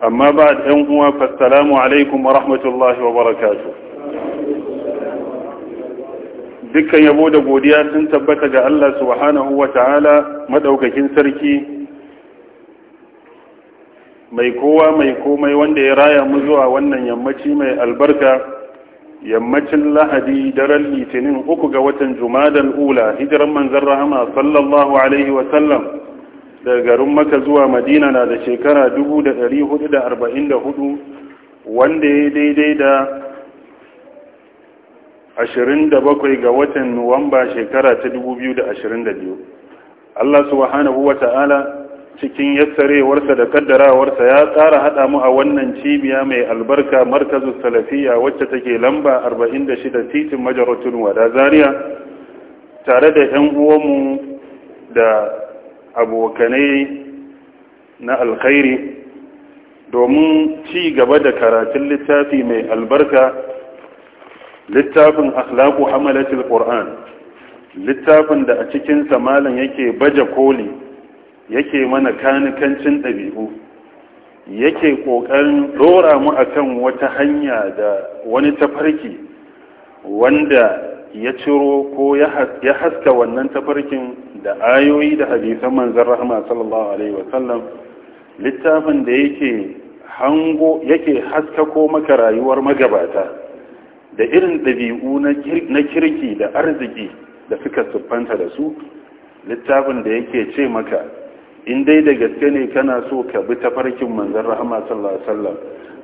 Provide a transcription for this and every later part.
amma ba ɗan uwa fassalamu alaikum wa rahmatullahi wa barakatu dukkan yabo da godiya sun tabbata ga Allah subhanahu wa ta'ala madaukakin sarki mai kowa mai komai wanda ya raya mu zuwa wannan yammaci mai albarka yammacin lahadi daren litinin uku ga watan da ula hijiran manzan rahama sallallahu alaihi wasallam daga garin maka zuwa madina na da shekara 444 wanda ya daidai da 27 ga watan nuwamba shekara ta 2022 Allah subhanahu wa ta'ala cikin yassarewarsa da kaddarawarsa ya tsara hada mu a wannan cibiya mai albarka markazu salafiya wacce take lamba 46 titin majarotun wada zaria tare da 'yan uwanmu da abokanai na alkhairi domin ci gaba da karatun littafi mai albarka littafin akhlaqu hamalatul alquran littafin da a cikin malam yake baje koli yake mana kanikancin dabi'u yake ƙoƙarin ɗora mu akan wata hanya da wani tafarki wanda ya ciro ko ya haska wannan tafarkin da ayoyi da hadisan manzon Rahma sallallahu alaihi wasallam littafin da yake hango yake haskako maka rayuwar magabata da irin ɗabi'u na kirki da arziki da suka siffanta da su littafin da yake ce maka in dai da gaske ne kana so ka bi ta farkin manzon Rahma sallallahu alaihi wasallam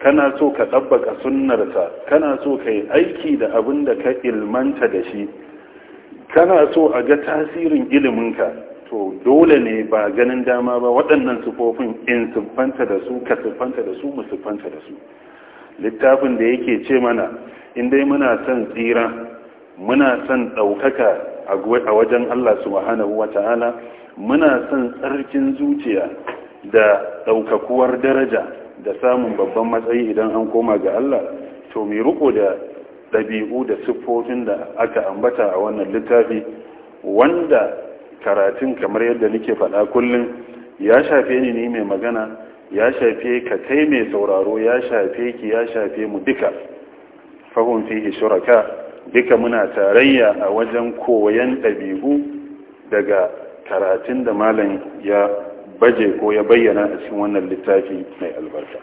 kana so ka ɗabbaka sunnarsa kana so ka yi aiki da abin da ka ilmanta da shi kana so a ga tasirin iliminka to dole ne ba ganin dama ba waɗannan sufofin in siffanta da su ka siffanta da su mu siffanta da su littafin da yake ce mana in dai muna son tsira muna son ɗaukaka a wajen Allah subhanahu wa ta'ala muna son tsarkin zuciya da ɗaukakuwar daraja da samun babban matsayi idan an koma ga Allah to mai riko da ɗabi'u da siffofin da aka ambata a wannan littafi wanda karatun kamar yadda nake faɗa kullum ya shafe ni ne mai magana ya shafe ka kai mai sauraro ya shafe ki ya shafe mu duka fahun fi shuraka duka muna tarayya a wajen koyan ɗabi'u daga karatun da malam ya baje ko ya bayyana a cikin wannan littafi mai albarka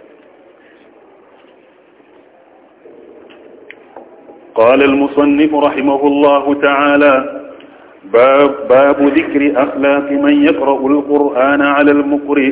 قال المصنف رحمه الله تعالى باب, باب ذكر أخلاق من يقرأ القرآن على المقرئ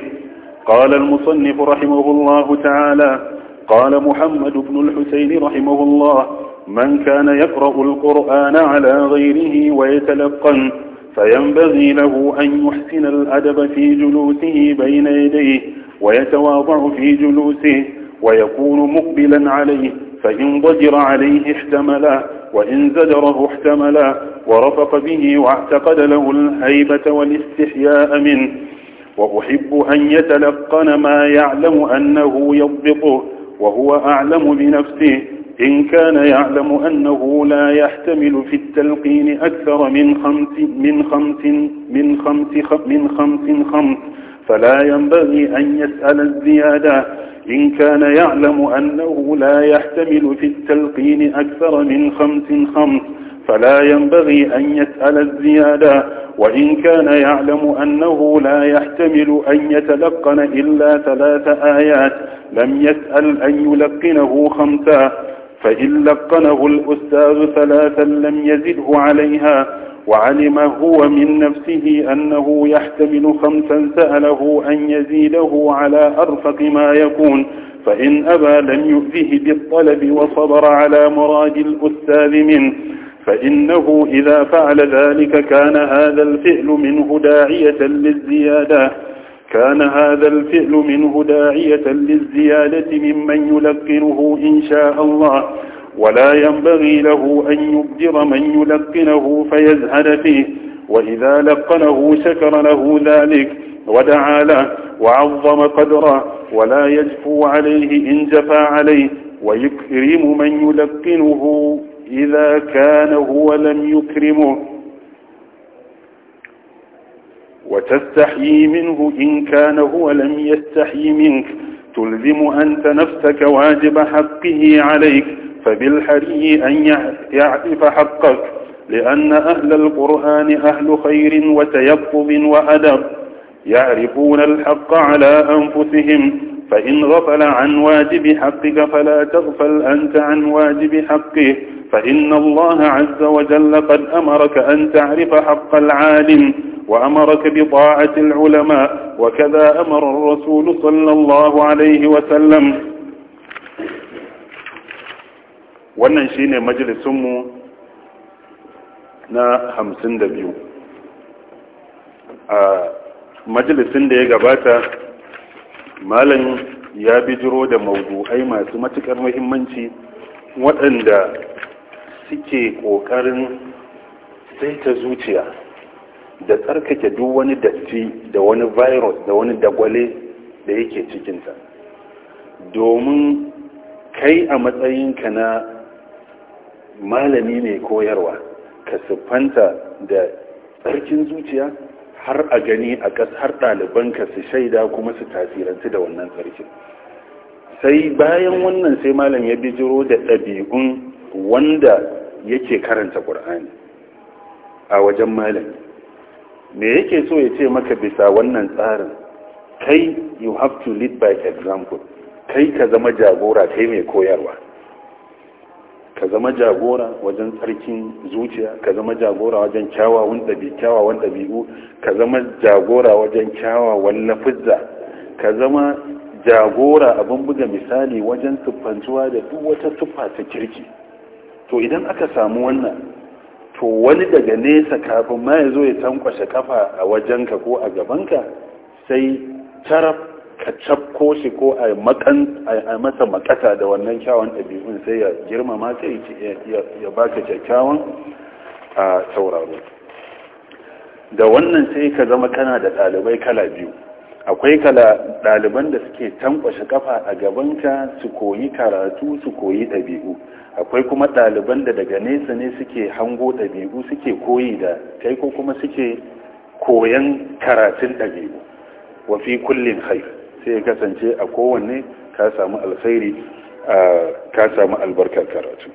قال المصنف رحمه الله تعالى قال محمد بن الحسين رحمه الله من كان يقرأ القرآن على غيره ويتلقن فينبغي له أن يحسن الأدب في جلوسه بين يديه ويتواضع في جلوسه ويكون مقبلا عليه فإن ضجر عليه احتملا وإن زجره احتملا ورفق به واعتقد له الهيبة والاستحياء منه وأحب أن يتلقن ما يعلم أنه يضبطه وهو أعلم بنفسه إن كان يعلم أنه لا يحتمل في التلقين أكثر من خمس من خمس من خمس من خمس خمس, خمس فلا ينبغي أن يسأل الزيادة إن كان يعلم أنه لا يحتمل في التلقين أكثر من خمس خمس فلا ينبغي أن يسأل الزيادة وإن كان يعلم أنه لا يحتمل أن يتلقن إلا ثلاث آيات لم يسأل أن يلقنه خمسا فإن لقنه الأستاذ ثلاثا لم يزده عليها وعلم هو من نفسه أنه يحتمل خمسا سأله أن يزيده على أرفق ما يكون فإن أبى لم يؤذه بالطلب وصبر على مراد الأستاذ منه فإنه إذا فعل ذلك كان هذا الفعل منه داعية للزيادة كان هذا الفعل منه داعية للزيادة ممن يلقنه إن شاء الله ولا ينبغي له أن يبدر من يلقنه فيزهد فيه وإذا لقنه شكر له ذلك ودعا له وعظم قدره ولا يجفو عليه إن جفى عليه ويكرم من يلقنه إذا كان هو لم يكرمه وتستحيي منه إن كان هو لم يستحي منك تلزم أنت نفسك واجب حقه عليك فبالحري أن يعرف حقك لأن أهل القرآن أهل خير وتيقظ وأدب يعرفون الحق على أنفسهم فإن غفل عن واجب حقك فلا تغفل أنت عن واجب حقه فإن الله عز وجل قد أمرك أن تعرف حق العالم وأمرك بطاعة العلماء وكذا أمر الرسول صلى الله عليه وسلم wannan shi ne majalisunmu na hamsin da biyu a majalisun da ya gabata malam ya bijiro da ai masu matuƙar muhimmanci waɗanda suke ƙoƙarin saita zuciya da tsarkake duk wani datti da wani virus da wani dagwale da yake cikinta domin kai a matsayinka na malami mai koyarwa ka siffanta da tsarkin zuciya har a gani a ƙas har ka su shaida kuma su tasirantu da wannan tsarkin sai bayan wannan sai malam ya bijiro da ɗabi'un wanda yake karanta ƙur'ani a wajen malami me yake so ya ce maka bisa wannan tsarin kai you have to lead by example kai ka zama jagora kai mai koyarwa ka zama jagora wajen tsarkin zuciya ka zama jagora wajen kyawawan ɗabi'u kyawawan ɗabi'u ka zama jagora wajen kyawawan lafizza ka zama jagora abin buga misali wajen siffantuwa da duk wata siffa ta kirki to idan aka samu wannan to wani daga nesa kafin ma ya zo ya tankwashe kafa a wajenka ko a gabanka sai taraf ka cafko shi ko a masa makasa da wannan kyawun ɗabi'un sai ya girmama sai ya baka kyakkyawan a sauraro da wannan sai ka zama kana da ɗalibai kala biyu akwai kala ɗaliban da suke tankwashe kafa a gabanka su koyi karatu su koyi ɗabi'u akwai kuma ɗaliban da daga nesa ne suke hango ɗabi'u suke koyi da kai ko kuma suke koyan karatun ɗabi'u wa fi kullin haifu sai ya kasance a kowanne ka samu alkhairi ka samu albarkar karatu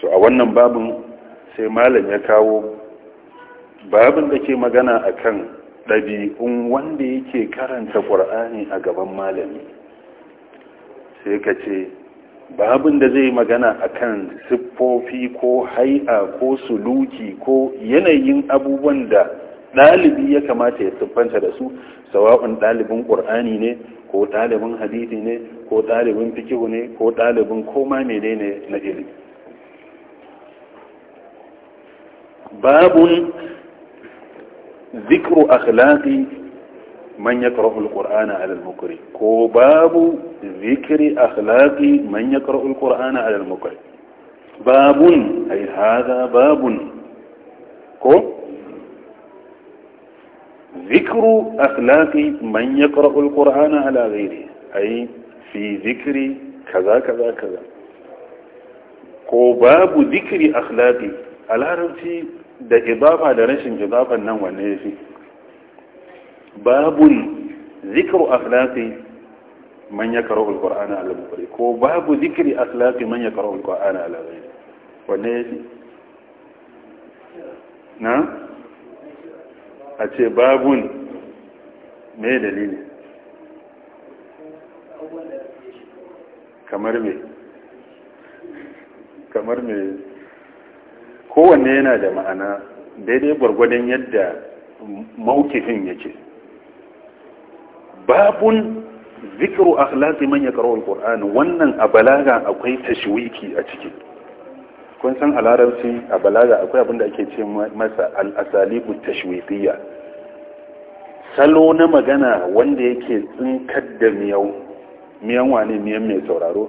to a wannan babin sai malam ya kawo babin da ke magana a akan ɗabi'un wanda yake karanta ƙur'ani a gaban malami sai ka ce babin da zai magana a kan siffofi ko hai'a ko suluki ko yanayin abubuwan da ɗalibi ya kamata ya siffanta da su sawa'un ɗalibin ƙur'ani ne ko ɗalibin hadisi ne ko ɗalibin fikihu ne ko ɗalibin koma menene na ilimi babun zikru akhlaqi man yaqra'u al-qur'ana 'ala al muqri ko babu zikri akhlaqi man yaqra'u al-qur'ana 'ala al muqri babun ay hadha babun ko ذكر أخلاق من يقرأ القرآن على غيره أي في ذكر كذا كذا كذا باب ذكر أخلاقي العربي da idafa da rashin idafan nan wanne ya fi babun zikiru akhlaqi man ya karo alkur'ana ala ko babu zikiri akhlaqi man ya karo alkur'ana ala wanne ya fi na a ce babun mai dalili kamar mai kamar mai kowanne yana da ma'ana daidai gwargwadon yadda maukifin yake babun zikiru akhlaqi man yaqra'u al wannan a balaga akwai tashwiki a ciki kun san a larabci a balaga akwai abin da ake ce masa al'asalibu tashwifiyya salo na magana wanda yake tsinkar da miyau miyan wane miyan mai sauraro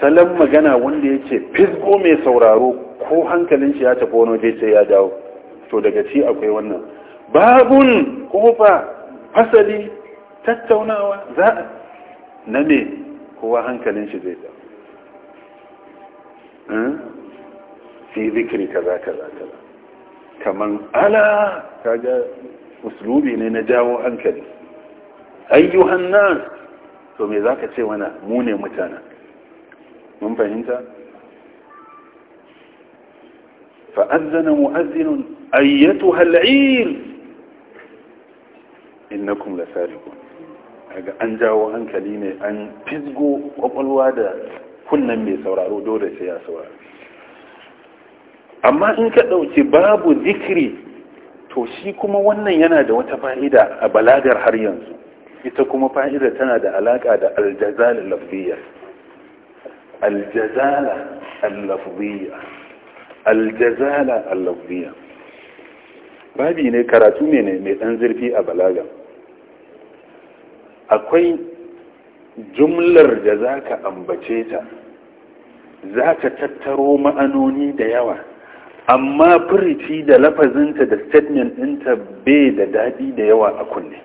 salon magana wanda yake fisgo mai sauraro ko hankalin shi ya tafi wani waje sai ya dawo to daga ci akwai wannan babun kofa fasali tattaunawa za a na ne kowa hankalin shi zai dawo hmm? في ذكر كذا كذا كذا كمن ألا هذا أسلوبي لنجاو عنك أيها الناس ثم ذاك سيوانا موني متانا من فهمت فأذن مؤذن أيتها العير إنكم لسارقون aga an jawo hankali ne an fizgo kwakwalwa da kunnan mai sauraro dole sai ya amma in ka ɗauki babu zikiri to shi kuma wannan yana da wata fa'ida a balagar har yanzu ita kuma fa'ida tana da alaƙa da aljazala lafziya aljazala allafziya babi ne karatu ne mai ɗan zurfi a balaga akwai jumlar da za ka ambace ta za ta tattaro ma'anoni da yawa amma firici da lafazinta da statement ɗinta bai da daɗi da yawa a kunne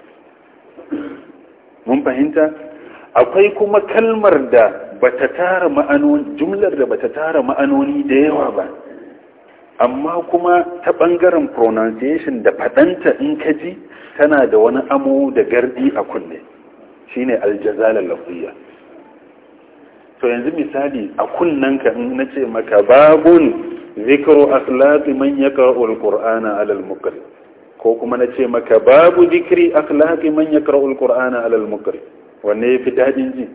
mun fahimta akwai kuma kalmar da bata tara ma'anoni jumlar da bata tara ma'anoni da yawa ba amma kuma ta ɓangaren pronunciation da faɗanta in ka ji tana da wani amo da gardi a kunne shine aljazala lafiya to yanzu misali a kunnenka in na ce maka babun zikiru akhlaqi man yaqra'ul qur'ana 'ala al-muqri ko kuma na ce maka babu zikri akhlaqi man yaqra'ul qur'ana 'ala al-muqri wanne yafi dadin ji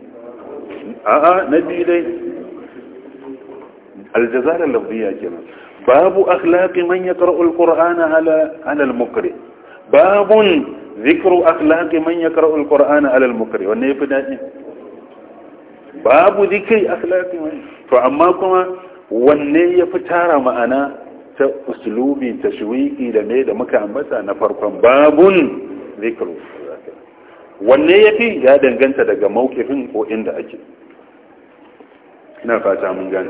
a'a na bi dai aljazara lafziya kenan babu akhlaqi man yaqra'ul qur'ana 'ala 'ala al-muqri babun zikru akhlaqi man yaqra'ul qur'ana 'ala al-muqri wanne yafi dadin babu zikri akhlaqi man to amma kuma wanne ya fi tara ma'ana ta usulubi ta shuwiƙi da me da muka ambata na farkon babun zikiru wanne ya fi ya danganta daga maukifin ko inda ake ina fata mun gani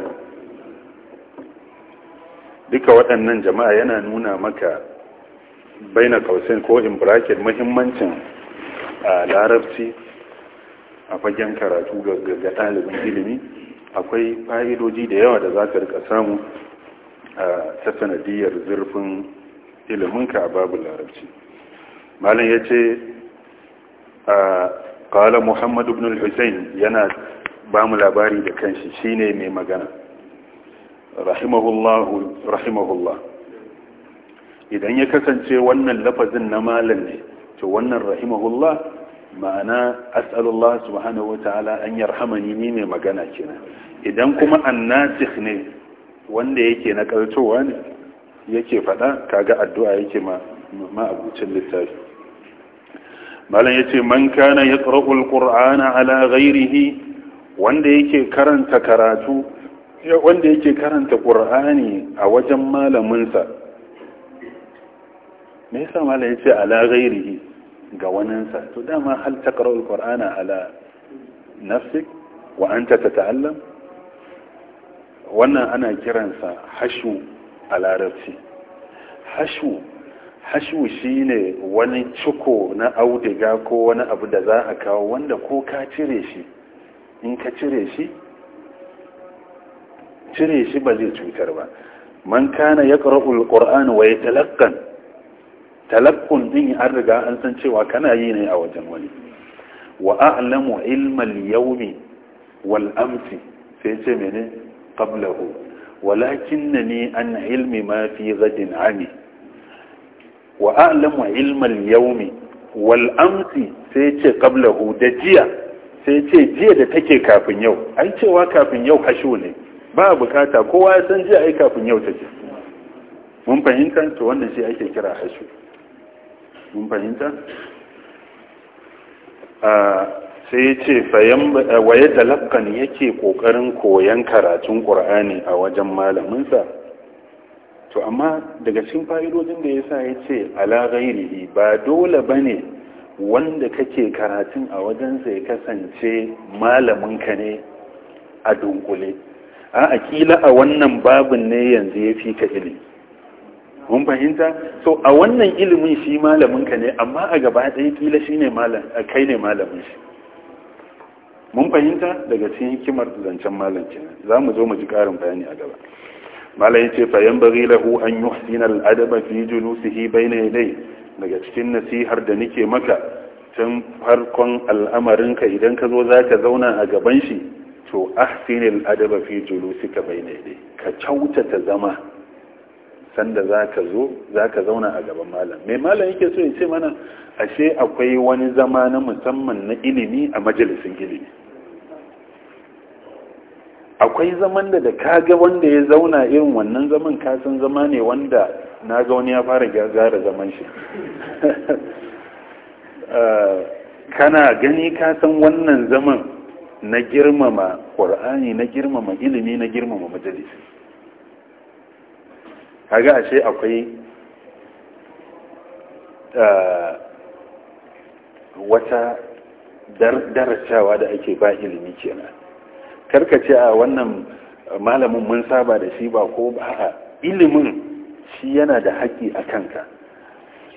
duka waɗannan jama'a yana nuna maka baina kausin ko in bracket muhimmancin a larabci a fagen karatu ga ɗalibin ilimi akwai fa'idoji da yawa da za ka rika samu ta sanadiyar zurfin iliminka a babu larabci malam ya ce ƙawalar muhammadu ibn yana ba mu labari da kanshi shine mai magana rahimahullah idan ya kasance wannan lafazin na malam ne to wannan rahimahullah ma'ana as'alullah subhanahu ta'ala an yarhamani ni ne magana kenan idan kuma annasikh ne wanda yake na kaltowa ne yake fada kaga addu'a yake ma abucin littafi malam yace man kana yaqra'ul qur'ana ala ghairihi wanda yake karanta karatu wanda yake karanta qur'ani a wajen malamin sa me yasa malam yace ala ghairihi ga waninsa to dama hal taqra'u alqur'ana ala nafsik wa anta tata'allam wannan ana kiransa hashu a larabci hashu hashu shine wani ciko na audiga ko wani abu da za a kawo wanda ko ka cire shi in ka cire shi cire shi ba zai cutar ba man kana yaqra'u alqur'ana wa yatalaqqa talaqqun din an riga an san cewa kana yi ne a wajen wani wa a'lamu ilma al-yawmi wal amsi sai ce mene qablahu walakinnani an ilmi ma fi ghadin ami wa a'lamu ilma al-yawmi wal amsi sai ce qablahu da jiya sai ce jiya da take kafin yau ai cewa kafin yau hashu ne ba bukata kowa ya san jiya ai kafin yau take mun fahimta to wannan shi ake kira hashu mun fahimta sai ya ce eh, waye talakkan yake kokarin koyan karatun ƙur'ani a wajen malaminsa to amma daga cikin fa'idodin da ya sa ya ce alaghairi ba dole ba ne wanda kake karatun a wajensa ya kasance malaminka ne a dunkule a akila a wannan babin ne yanzu ya fi ka ilimi mun fahimta so a wannan ilimin shi malamin ka ne amma a gaba ɗaya kila shi ne malam kai ne malamin shi mun fahimta daga cikin hikimar zancen malam kenan za mu zo mu ji ƙarin bayani a gaba malam yace fa bari lahu an yuhsina al-adaba fi julusihi bayna yaday daga cikin nasihar da nake maka tun farkon al'amarin ka idan ka zo za zauna a gaban shi to ahsinil adaba fi julusika bayna yaday ka kyautata zama sanda za ka zo za ka zauna a gaban malam mai malam yake so ya ce mana ashe akwai wani zama na musamman na ilimi a majalisin ilimi akwai zaman da da kaga wanda ya zauna irin wannan zaman kasan zama ne wanda na ga wani ya fara gyara zaman shi eh, kana gani kasan wannan zaman na girmama ƙwar'ani na girmama ilimi na girmama majalisi kaga ashe akwai eh, wata darasawa da ake ba ilimi kenan ce a wannan malamin mun saba da shi ba ko ba ilimin shi yana da haƙƙi a kanka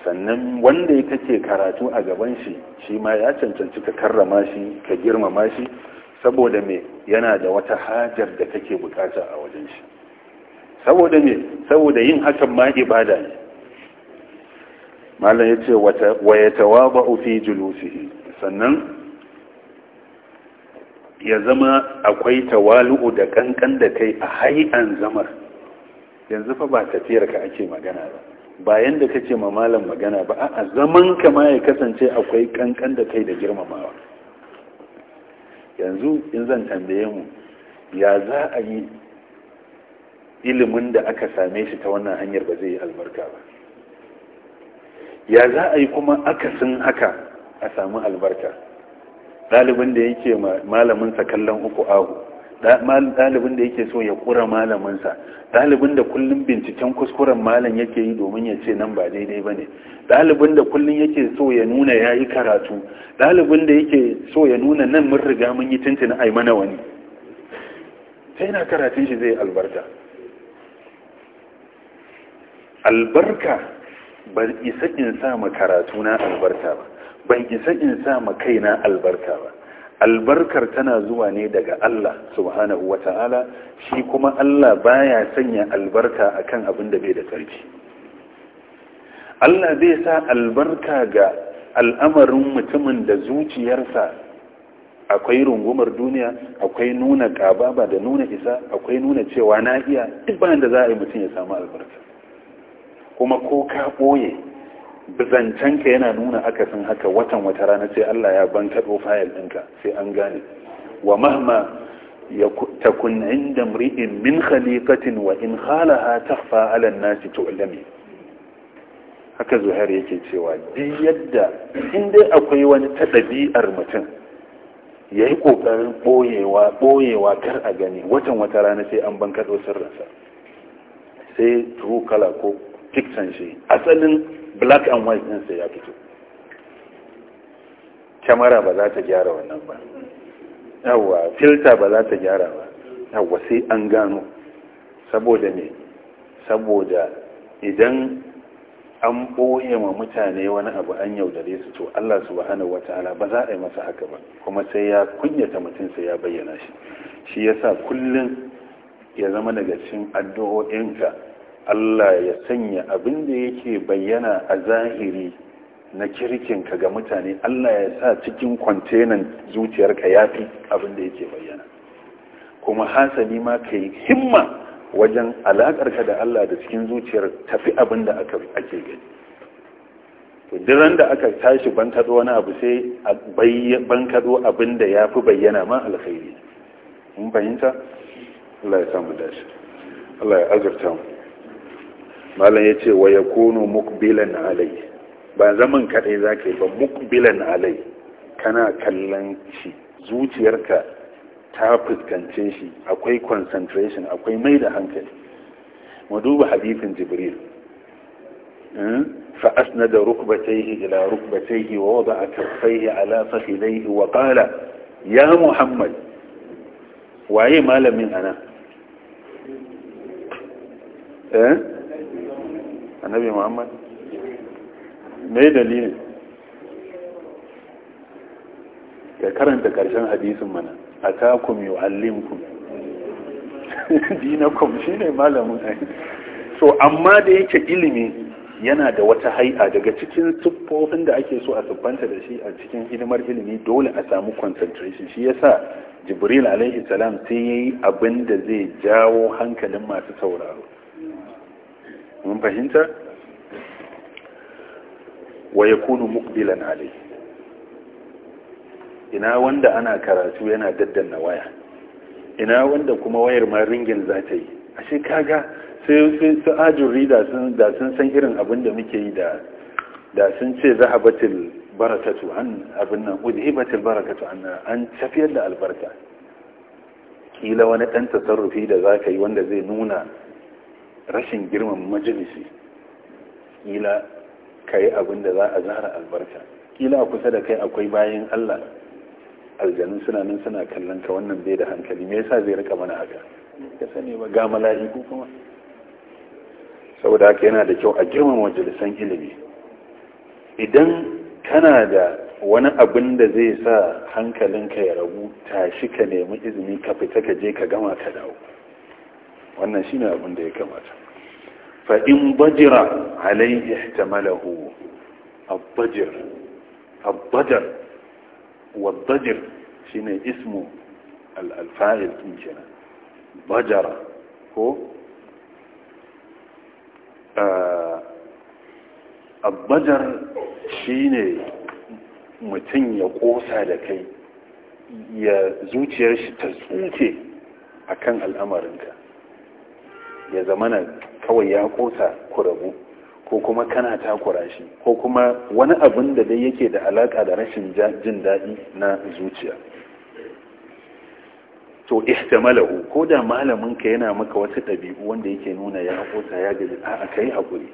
sannan wanda ya kake karatu a gaban shi shi ma ya cancanci ka karrama shi ka girmama shi saboda me yana da wata hajar da kake bukata a wajen shi saboda ne saboda yin hakan ma ibada ne malam yace wa yatawaba'u fi julusihi sannan ya zama akwai tawalu'u da kankan da kai a hai'an zamar yanzu fa ba tafiyar ka ake magana ba bayan da kace ma malam magana ba a zaman ka ma ya kasance akwai kankan da kai da girmamawa yanzu in zan tambaye mu ya za a yi ilimin da aka same shi ta wannan hanyar ba zai yi albarka ba ya za a yi kuma akasin haka a samu albarka ɗalibin da yake malaminsa kallon uku ahu ɗalibin da yake so ya ƙura malaminsa ɗalibin da kullum binciken kuskuren malam yake yi domin ya ce nan ba daidai ba ne ɗalibin da kullum yake so ya nuna ya yi karatu ɗalibin da yake so ya nuna nan mun riga mun yi tuntuna ai mana wani sai na karatun shi zai albarka albarka ban isa in sa ma karatu na albarka ba ban isa in sa ma kaina albarka ba albarkar tana zuwa ne daga Allah subhanahu wata'ala shi kuma Allah baya sanya albarka akan abin da bai da tarki Allah zai sa albarka ga al'amarin mutumin da zuciyarsa akwai rungumar duniya akwai nuna ƙababa da nuna isa akwai nuna cewa na iya duk bayan da za a yi mutum ya samu albarka kuma ko ka ɓoye zancenka yana nuna akasin haka watan wata rana sai Allah ya ban fayil ɗinka sai an gane wa mahma ya takun inda mri'in min khaliqatin wa in khalaha takhfa ala nasi tu'lami haka zuhair yake cewa di yadda inda akwai wani ta ɗabi'ar mutum ya yi ƙoƙarin ɓoyewa ɓoyewa kar a gani watan wata rana sai an ban kaɗo sirrinsa sai true kala ko fiction shi asalin black and white din sai ya fito kyamara ba za ta gyara wannan ba yawwa filta ba za ta gyara ba yawwa sai an gano saboda ne saboda idan an boye ma mutane wani abu an yaudare su to Allah subhanahu wata'ala ba za a yi masa haka ba kuma sai ya kunyata mutum sai ya bayyana shi shi yasa kullum ya zama daga cikin addu'o'inka Allah ya sanya abin da yake bayyana a zahiri na kirkinka ga mutane Allah ya sa cikin kwantenan zuciyarka ya fi abin da yake bayyana kuma hasali ma ka yi himma wajen alaƙarka da Allah da cikin zuciyar tafi abin da ake gani diran da aka tashi bankaɗo wani abu sai bankaɗo abin da ya fi bayyana ma alkhairi mun fahimta Allah ya samu dashi Allah ya azurta mu malam ya ce wa ya kono mukbilan alai ba zaman kaɗai za ka yi ba mukbilan alai kana kallon shi zuciyarka ta fuskance shi akwai concentration akwai mai da hankali mu duba hadithin jibril فأسند hmm? ila إلى wa wada a ala فخذيه وقال يا ya Muhammad, waye malamin أنا أه؟ eh? annabi muhammad mai dalilin ka karanta karshen hadisin mana a takum yu'allimkum dinakum ne malamin ai so amma da yake ilimi yana da wata hai'a daga cikin siffofin da ake so a siffanta da shi a cikin hidimar ilimi dole a samu concentration shi yasa jibril alaihi salam sai yayi abin da zai jawo hankalin masu sauraro mun fahimta wa yakunu muqbilan alai ina wanda ana karatu yana daddanna waya ina wanda kuma wayar ma ringin za ta yi ashe kaga sai su ajin da sun san irin abin da muke yi da da sun ce zahabatil barakatu an abin nan udhibatil barakatu an an tafiyar da albarka kila wani dan tasarrufi da zaka yi wanda zai nuna rashin girman majalisi kila ka yi abin da za a zara albarka kila kusa da kai akwai bayan allah aljanu suna nan suna kallon ka wannan bai da hankali me yasa zai rika mana haka ka sani ba ga mala'iku kuma saboda haka yana da kyau a girman majalisan ilimi idan kana da wani abin da zai sa hankalinka ya ragu tashi ka nemi izini ka fita ka je ka gama ka dawo wannan shine abin da ya kamata fa in bajira alayhi ihtamalahu abbajir wa bajir shine ismu al-fa'il din kenan bajara ko ah, abbajar shine mutum ya kosa da kai ya zuciyar shi ta tsuke akan al'amarinka ya zama na kawai ya kosa kurabu rabu ko kuma kana takura shi ko kuma wani abin da dai yake da alaka da rashin jin daɗi na zuciya to istamalahu ko da malamin ka yana maka wata ɗabi'u wanda yake nuna ya kosa ya gaji a kai hakuri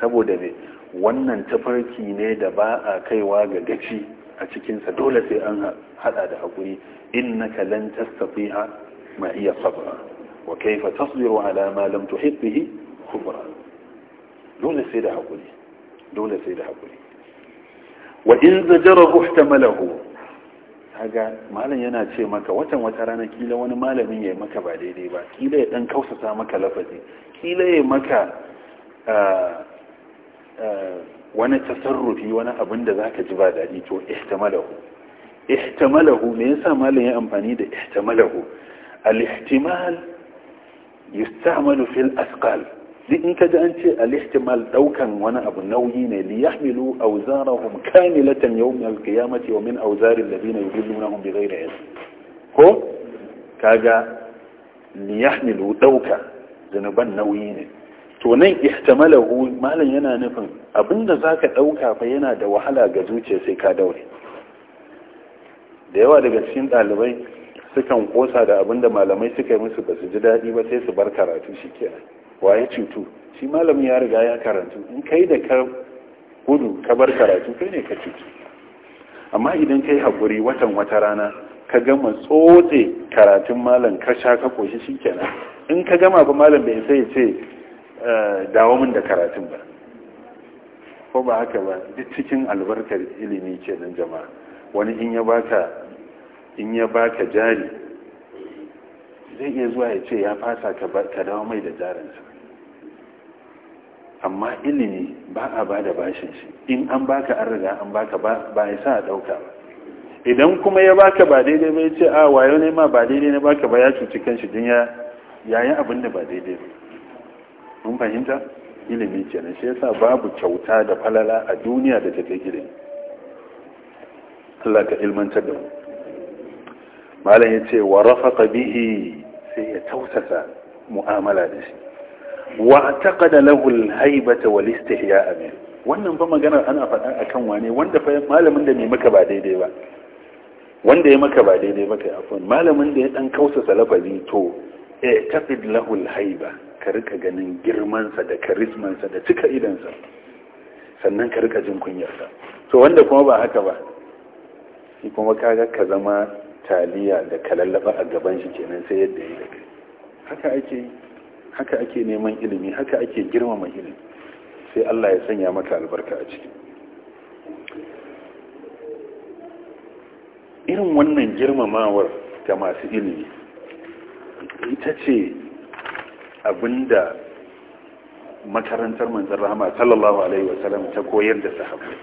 saboda ne wannan tafarki ne da ba a kaiwa ga gaci a cikinsa dole sai an haɗa da hakuri innaka lan tastati'a ma iya sabra wa kaifa tasbiru ala ma lam tuhit bihi dole sai da hakuri dole sai da hakuri wa in zajara muhtamalahu kaga malam yana ce maka watan wata rana kila wani malamin ya maka ba daidai ba kila ya dan kausasa maka lafazi kila ya maka wani tasarrufi wani abin da zaka ji ba daɗi to ihtamalahu ihtamalahu me yasa malam ya amfani da ihtamalahu al yustamalu fil asqal duk in ka ji an ce al-ihtimal daukan wani abu nauyi ne li yahmilu awzarahum kamilatan yawm al-qiyamati wa min awzar alladhina yudillunahum bighayri ilm ko kaga li yahmilu dauka zanuban nauyi ne to nan ihtimalahu malan yana nufin abinda zaka dauka fa yana da wahala ga zuciya sai ka daure da yawa daga cikin dalibai sukan kosa da abin da malamai suka yi musu ba su ji daɗi ba sai su bar karatu shi waye cutu shi malam ya riga ya karatu in kai da ka gudu ka bar karatu kai ne ka cutu amma idan kai haƙuri watan wata rana ka gama tsotse karatun malam ka sha ka koshi shi kenan in ka gama ba malam bai sai ya ce eh, dawo min da karatun ba ko ba haka ba duk cikin albarkar ilimi kenan jama'a wani in ya baka in ya baka jari zai iya zuwa ya ce ya fasa ka dawo mai da jarinsa amma ilimi ba a ba da bashin shi in an baka an riga an baka ba ya sa a ɗauka ba idan kuma ya baka ba daidai ba ya ce a ah, wayo ne ma ba daidai na baka ba ya cuci kanshi din ya yayi abin da ba daidai ba mun fahimta ilimi ce na shi yasa babu kyauta da falala a duniya da ta ke ilimi Allah ka ilmantar da mu malam ya ce wa rafaqa bihi sai ya tausasa mu'amala da shi wa taqada lahu al haybata wal istihya'a wannan fa magana ana faɗa akan wane wanda fa malamin da mai maka ba daidai ba wanda ya maka ba daidai ba kai afwan malamin da ya dan kausasa lafazi to eh taqid lahu al hayba ka rika ganin girman sa da karisman sa da cika idan sa sannan ka rika jin kunyar sa to wanda kuma ba haka ba shi kuma kaga ka zama taliya da kalallaba a gaban shi kenan sai yadda ya daga haka ake haka ake neman ilimi haka ake girmama ilimi sai Allah ya sanya maka albarka a ciki irin wannan girmamawar ga masu ilimi ita ce abinda makarantar manzan rahama sallallahu alaihi wasallam ta koyar da sahabbai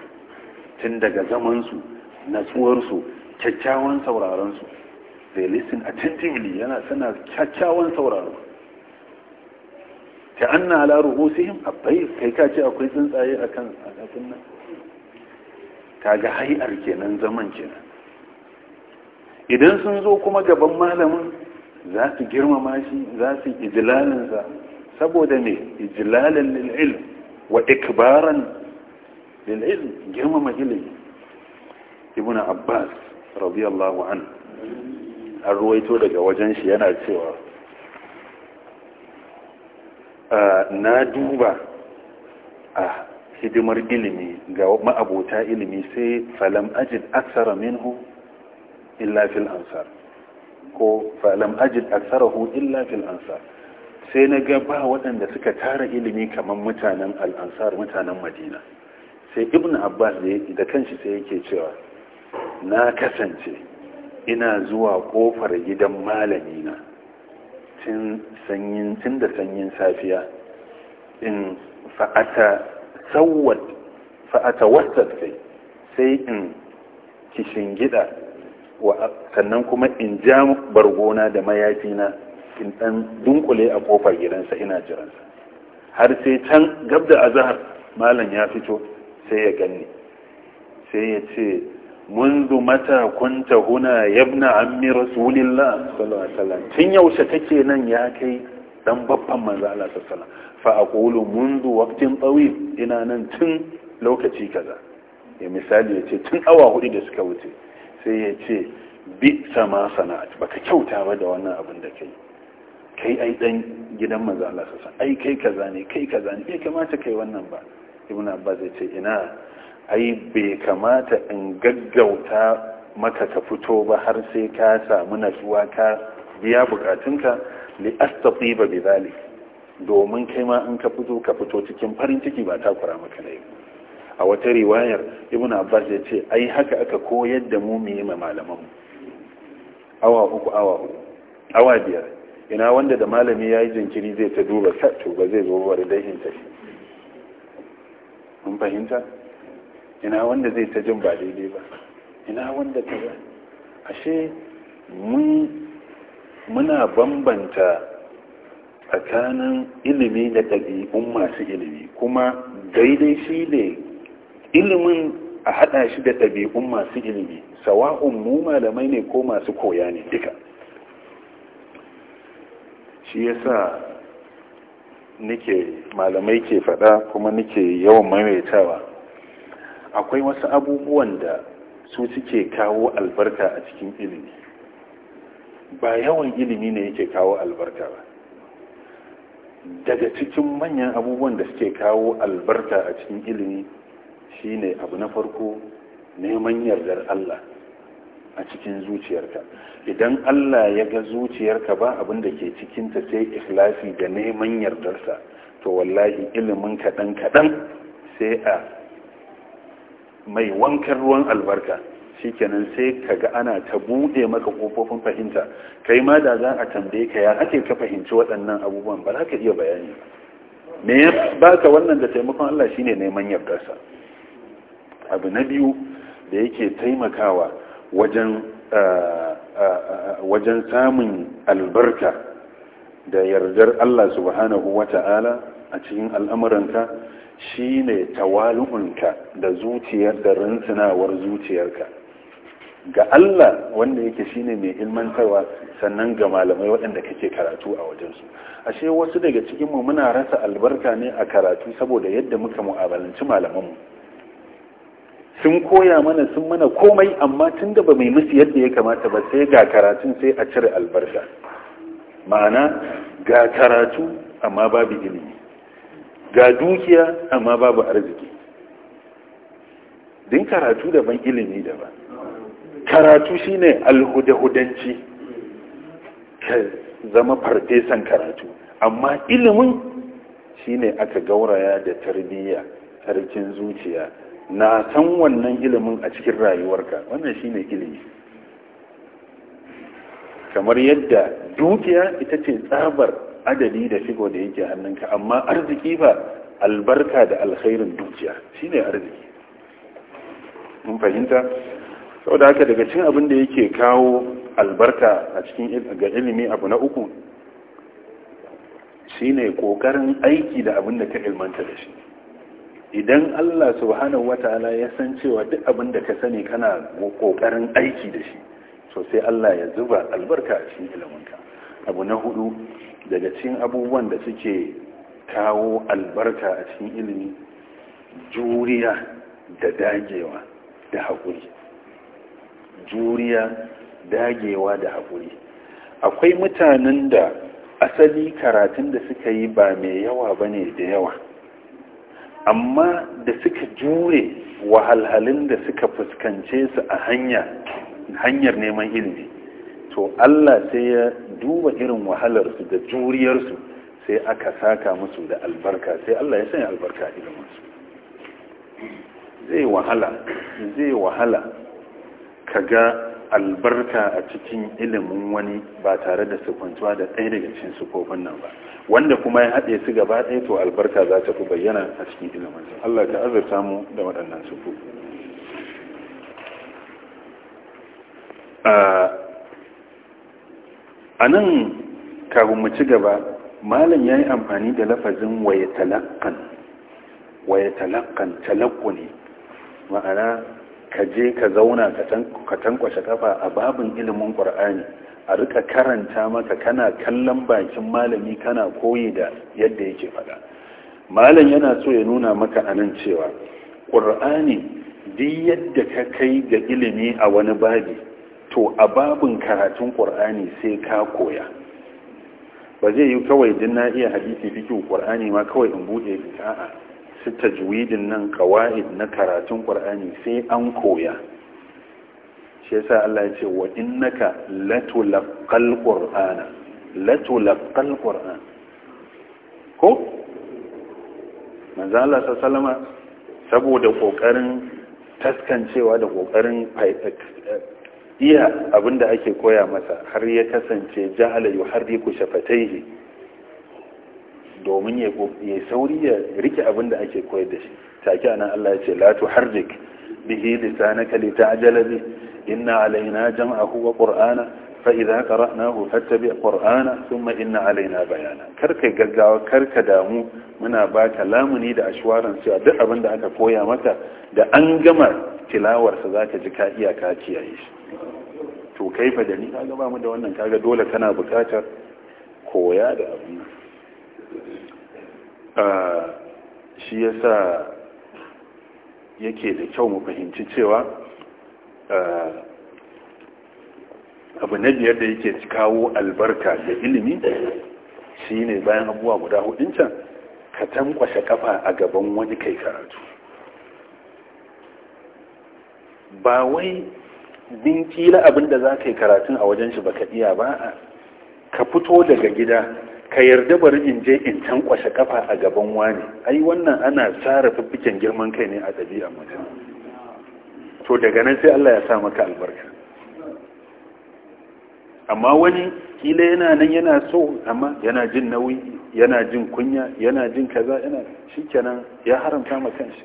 tun daga zamansu natsuwarsu kyakkyawan sauraron su they listen attentively yana suna kyakkyawan sauraro ta an na ala ruhusihim abai kai ka ce akwai tsuntsaye a kan nan kaga hai'ar kenan zaman kenan idan sun zo kuma gaban malamin za su girmama shi za su ijilalinsa saboda ne ijilalin lil'ilm wa ikbaran lil'ilm girmama ilimi ibuna abbas radiyallahu an an ruwaito daga wajen shi yana cewa na duba a hidimar ilimi ga ma'abota ilimi sai falam ajid aksara minhu illa fil ansar ko falam ajid hu illa fil ansar sai na ga ba waɗanda suka tara ilimi kamar mutanen al'ansar mutanen madina sai ibn abbas da kanshi sai yake cewa na kasance ina zuwa kofar gidan malamina tun da sanyin safiya in fa'ata wasat kai sai in kishin gida sannan kuma in ja bargona da mayafina in ɗan dunkule a kofar gidansa ina jiransa har sai can gabda da azahar malam ya fito sai ya ganni sai ya ce munzu متى كنت هنا يا ابن عم رسول الله yaushe kake nan ya kai dan babban manzo Allah sallallahu alaihi wasallam fa aqulu منذ وقت طويل ina nan tun lokaci kaza ya misali yace tun awa hudu da suka wuce sai ya ce bi sama sana'at baka kyauta ba da wannan abin da kai kai ai dan gidan manzo Allah sallallahu alaihi kai kaza ne kai kaza ne bai kamata kai wannan ba ibn abbas ya ce ina ai bai kamata in gaggauta maka ka fito ba har sai ka samu natsuwa ka biya bukatunka li astatiba bi zalik domin kai ma in ka fito ka fito cikin farin ciki ba takura maka ne a wata riwayar ibnu abbas ya ce ai haka aka koyar da mu mu yi ma malaman awa uku awa uku awa biyar ina wanda da malami ya yi jinkiri zai ta duba to ba zai zo ba dai in tafi mun fahimta ina wanda zai ta jin ba daidai ba ina wanda ta ashe mun muna bambanta tsakanin ilimi da ɗabi'un masu ilimi kuma daidai shi ne ilimin a haɗa shi da ɗabi'un masu ilimi sawa'un mu malamai ne ko masu koya ne duka shi yasa nike malamai ke faɗa kuma nike yawan maimaitawa akwai wasu abubuwan da su suke kawo albarka a cikin ilimi ba yawan ilimi ne yake kawo albarka ba daga cikin manyan abubuwan da suke kawo albarka a cikin ilimi shine abu na farko neman yardar Allah a cikin zuciyarka idan Allah ya ga zuciyarka ba abin da ke cikinta sai ikhlasi da neman yardarsa to wallahi ilimin kaɗan-kaɗan sai a mai wankan ruwan albarka shikenan sai kaga ana ta bude maka kofofin fahimta kai ma da za a tambaye ka ya ake ka fahimci waɗannan abubuwan ba za ka iya bayani me ya baka wannan da taimakon Allah shine neman yardarsa abu na biyu da yake taimakawa wajen wajen samun albarka da yardar Allah subhanahu wata'ala a cikin al'amuranka Shi ne tawalu'unka da zuciyar da rantsunawar zuciyarka ga Allah wanda yake ne mai ilmantarwa sannan ga malamai waɗanda kake karatu a wajensu ashe wasu daga cikinmu muna rasa albarka ne a karatu saboda yadda muka mu'amalanci malamanmu sun koya mana sun mana komai amma tun da ba mai musu yadda ya kamata ba sai ga karatun sai a cire albarka ma'ana ga karatu amma babu ilimi ga dukiya amma babu arziki din karatu daban ilimi daban karatu shine alhudahudanci ka zama farfesan karatu amma ilimin shine aka gauraya da tarbiyya sarkin zuciya na san wannan ilimin a cikin rayuwarka wannan shine ilimi kamar yadda dukiya ita ce tsabar Adali da shigo da yake hannunka amma arziki ba albarka da alkhairin dukiya shine arziki mun fahimta saboda haka daga cin abin da yake kawo albarka a cikin ga ilimi abu na uku shine kokarin aiki da abin da ka ilmanta da shi idan Allah subhanahu wataala ya san cewa duk abin da ka sani kana kokarin aiki da shi so sai Allah ya zuba albarka a cikin iliminka abu na hudu daga cikin abubuwan da suke kawo albarka a cikin ilimi juriya da dagewa da haƙuri juriya dagewa da haƙuri akwai mutanen da asali karatun da suka yi ba mai yawa ba ne da yawa amma da suka jure wahalhalun da suka fuskance su a hanyar neman ilimi to Allah sai ya duba irin wahalarsu da juriyarsu sai aka saka musu da albarka sai Allah ya sanya albarka a iliminsu zai wahala zai wahala kaga albarka a cikin ilimin wani ba tare da sukuntuwa da ɗaya daga cikin sufofin nan ba wanda kuma ya haɗe su gaba ɗaya to albarka za ta fi bayyana a cikin ilimin Allah ka azurta mu da waɗannan ku. a nan kafin mu ci gaba malam ya yi amfani da lafazin waya talakkan talakku ne ma'ana ka je ka zauna ka tankwashe kafa a babin ilimin ƙwar'ani a rika karanta maka kana kallon bakin malami kana koyi da yadda yake faɗa malam yana so ya nuna maka a nan cewa ƙur'ani duk yadda ka kai ga ilimi a wani babi to a babin karatun ƙur'ani sai ka koya ba zai yi kawai din na iya hadisi fikin ƙur'ani ma kawai in buɗe a su tajwidin nan ƙawa'id na karatun ƙur'ani sai an koya shi yasa Allah ya ce wa innaka latulaqal qur'ana latulaqal qur'an ko manzo Allah sallama saboda kokarin taskancewa da kokarin eh, iya abin da ake koya masa har ya kasance jahala yi harri ku shafatai domin ya sauri ya rike abin da ake koyar da shi take anan Allah ya ce latu tu bihi lisanaka li ta'jala bi inna alaina jam'ahu wa qur'ana fa idza qara'nahu fattabi qur'ana thumma inna alaina bayana karka gaggawa karka damu muna baka lamuni da ashwaran cewa duk abin da aka koya maka da an gama tilawarsa zaka ji ka iya ka kiyaye shi to fa da ni kaga ba mu da wannan kaga dole kana bukatar koya da abin nan ah, shi yasa yake da kyau mu fahimci cewa ah, abu na biyar da yake kawo albarka da ilimi shine bayan abubuwa guda hudun can ka tankwashe kafa a gaban wani kai karatu ba wai binki na abin da za ka yi karatun a wajen shi baka iya ba a ka fito daga gida ka yarda bari in je in can kwashe kafa a gaban wani ai wannan ana tsara fiffiken girman kai ne a ɗabi'a mutum to daga nan sai Allah ya sa maka albarka amma wani kila yana nan yana so amma yana jin nauyi yana jin kunya yana jin kaza yana shikenan ya haramta ma kanshi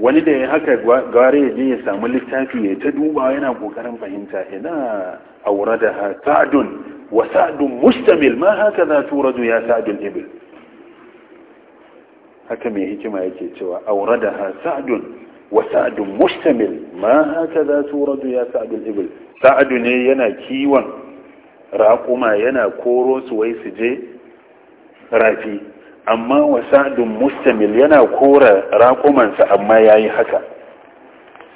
wani da ya haka gare ya ya samu littafi ya ta duba yana kokarin fahimta ina auradaha Sa'adun wa saadun mustamil ma haka za su turadu ya sa'adun ibil haka mai hikima yake cewa auradaha Sa'adun wa saadun mustamil ma haka za su turadu ya sa'adun ibil sa'adu ne yana kiwon raƙuma yana koro su wai su je rafi amma wa mustamil yana kora raƙumansa amma yayi yi haka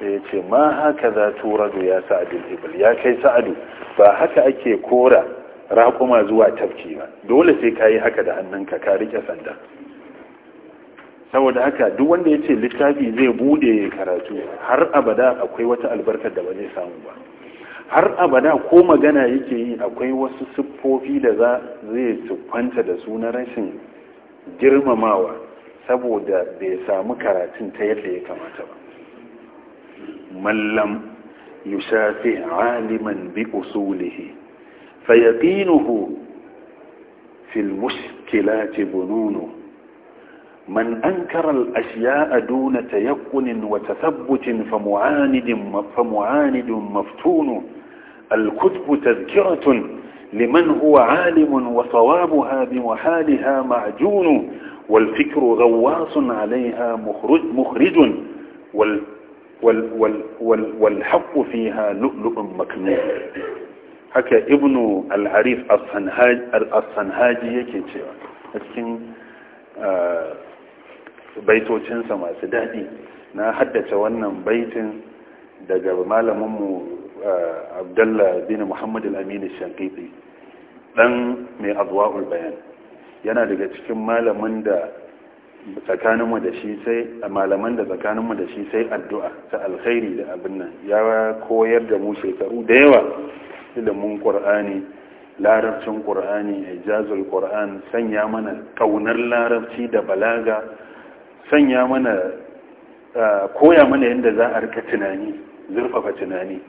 sai ce ma haka za turadu ya sa'adun ibil ya kai sa'adu ba haka ake kora raƙuma zuwa tafki ba dole sai ka yi haka da hannunka ka rike sanda saboda haka duk wanda ya ce littafi zai bude karatu har abada akwai wata albarka da ba zai samu ba har abada ko magana yake yi akwai wasu siffofi da za zai siffanta da su na rashin girmamawa saboda bai samu karatun ta yadda ya kamata ba mallam yusafi aliman bi usulihi fayaqinuhu yaqinuhu fil mushkilati bununu من أنكر الأشياء دون تيقن وتثبت فمعاند, فمعاند مفتون الكتب تذكرة لمن هو عالم وصوابها بمحالها معجون والفكر غواص عليها مخرج, مخرج وال وال وال وال والحق فيها لؤلؤ مكنون haka ibnu al'arif al-sanhaji yake cewa a cikin baitocinsa masu daɗi na haddace wannan baitin daga malaminmu abdullah bin muhammad al-amin shaqiqi dan mai adwa'ul bayan yana daga cikin malamin da tsakaninmu da shi sai malaman da tsakaninmu da shi sai addu'a ta alkhairi da abin nan ya koyar da mu shekaru da yawa ilimin qur'ani larabcin qur'ani ijazul qur'an sanya mana kaunar larabci da balaga sanya mana koya mana yadda za a rika tunani zurfafa tunani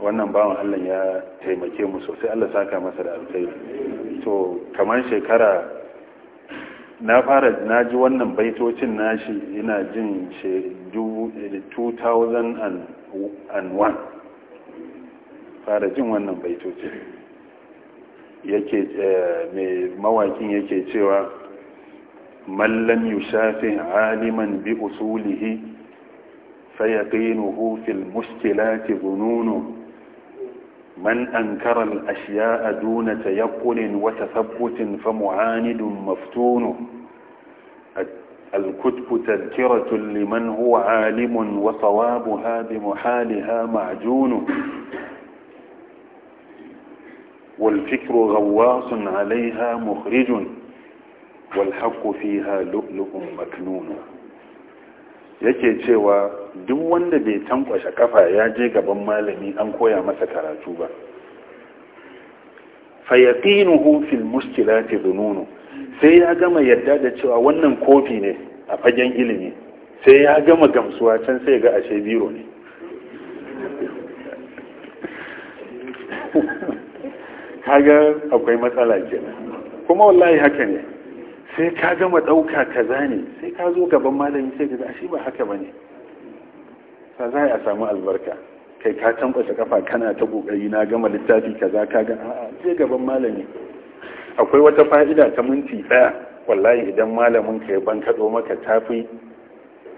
wannan bawan Allah ya taimake mu sosai Allah saka masa da alkhairi to kamar shekara na fara na ji wannan baitocin nashi ina jin 2001 eh, fara jin wannan baitocin yake eh, mai mawakin yake cewa mallan yushafi aliman bi usulihi فيقينه في المشكلات ظنون من أنكر الأشياء دون تيقن وتثبت فمعاند مفتون الكتب تذكرة لمن هو عالم وصوابها بمحالها معجون والفكر غواص عليها مخرج والحق فيها لؤلؤ مكنون yake cewa duk wanda bai tankwashe kafa ya je gaban malami an koya masa karatu ba fa yaqinuhu fil mushkilati dununu sai ya gama yarda da cewa wannan kofi ne a fagen ilimi sai ya gama gamsuwa can sai ga ashe biro ne kaga akwai matsala kenan kuma wallahi haka ne sai ka gama ɗauka kaza ne sai ka zo gaban malami sai ka shi ba haka ba ne sa za a samu albarka kai ka tambata kafa kana ta kokari na gama littafi kaza ka ga a gaban malami akwai wata fa'ida ta minti ɗaya wallahi idan malamin ka ya ban kaɗo maka tafi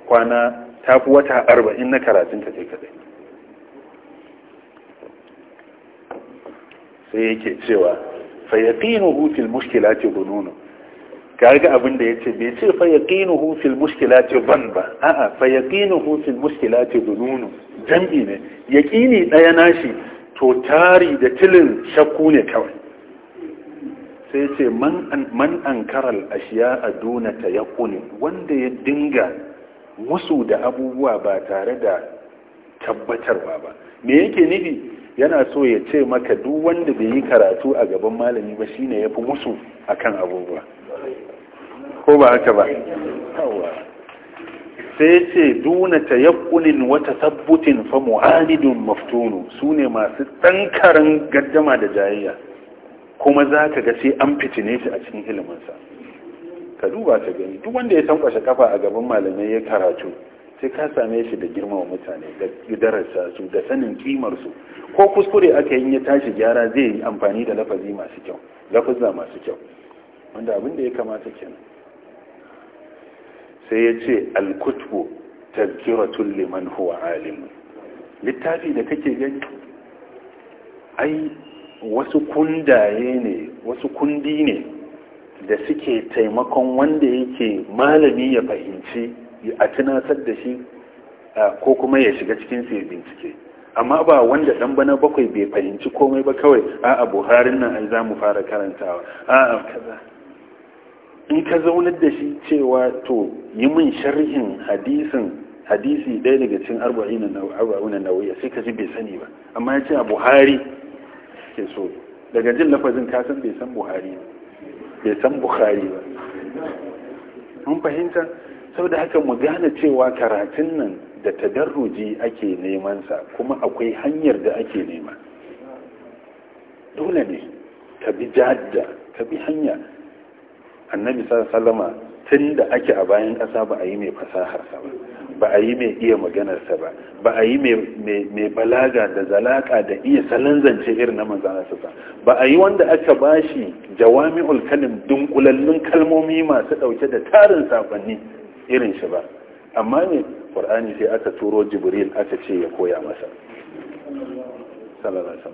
kwana tafi wata arba'in na karatun ka sai kaɗai sai yake cewa fayyakinu hutun mushkila ce gununu kaga abin da yace bai ce fa yaqinuhu fil mushkilati dhanba ba a'a fa yaqinuhu fil mushkilati dununu jam'i ne yaqini daya nashi to tari da tilin shakku ne kawai sai ce man an karal ashiya a duna ta ya wanda ya dinga musu da abubuwa ba tare da tabbatarwa ba me yake nufi yana so ya ce maka duk wanda bai yi karatu a gaban malami ba shine yafi fi musu akan abubuwa ko ba haka ba sai ya ce duna ta yakunin wata tabbutin fa mu'anidun maftunu su ne masu tsankarin gaddama da jayayya kuma za ka ga sai an fitine shi a cikin iliminsa ka duba ta gani duk wanda ya tankwashe kafa a gaban malamai ya karatu sai ka same shi da girma wa mutane da darasa su da sanin kimar su ko kuskure aka yi ya tashi gyara zai yi amfani da lafazi masu kyau lafazza masu kyau wanda abin da ya kamata kenan sai ya ce alkutubu tazkiratun liman huwa alimu littafi da kake gani ai wasu kundaye ne wasu kundi ne da suke taimakon wanda yake malami ya fahimci a tunasar da shi ko kuma ya shiga cikin sai bincike amma ba wanda dan bana bakwai bai fahimci komai ba kawai a'a buharin nan ai za mu fara karantawa a'a kaza in ka zaunar da shi cewa to yi min sharhin hadisin hadisi ɗaya daga cikin na nauyi sai ka ji bai sani ba amma ya ce a buhari ke so daga jin lafazin ka san bai san buhari bai san buhari ba mun fahimta Sau da haka mu gane cewa karatun nan da tadarruji ake neman sa kuma akwai hanyar da ake nema dole ne ka bi jadda ka bi hanya annabi sallama tun da ake a bayan ƙasa ba a yi mai fasaharsa ba ba a yi mai iya maganarsa ba ba a yi mai balaga da zalaka da iya salon zance irin na manzanarsa ba ba a yi wanda aka ba shi jawami'ul kalim dunkulallun kalmomi masu ɗauke da tarin safanni irin shi ba amma ne ƙwar'ani sai aka turo jibril aka ce ya koya masa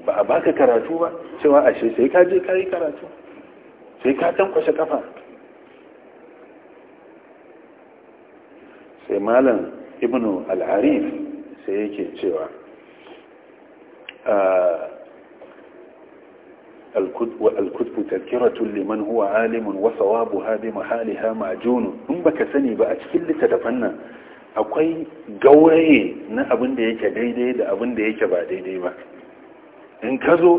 ba a baka karatu ba cewa ashe sai ka je ka yi karatu sai ka tankwashe kafa malam ibnu arif sai yake cewa ah, al-kutbu tazkiratun liman huwa alimun wa sawabuha bi mahaliha majun in baka sani ba a cikin littattafan nan akwai gauraye na abin da yake daidai da abin da yake ba daidai ba in ka zo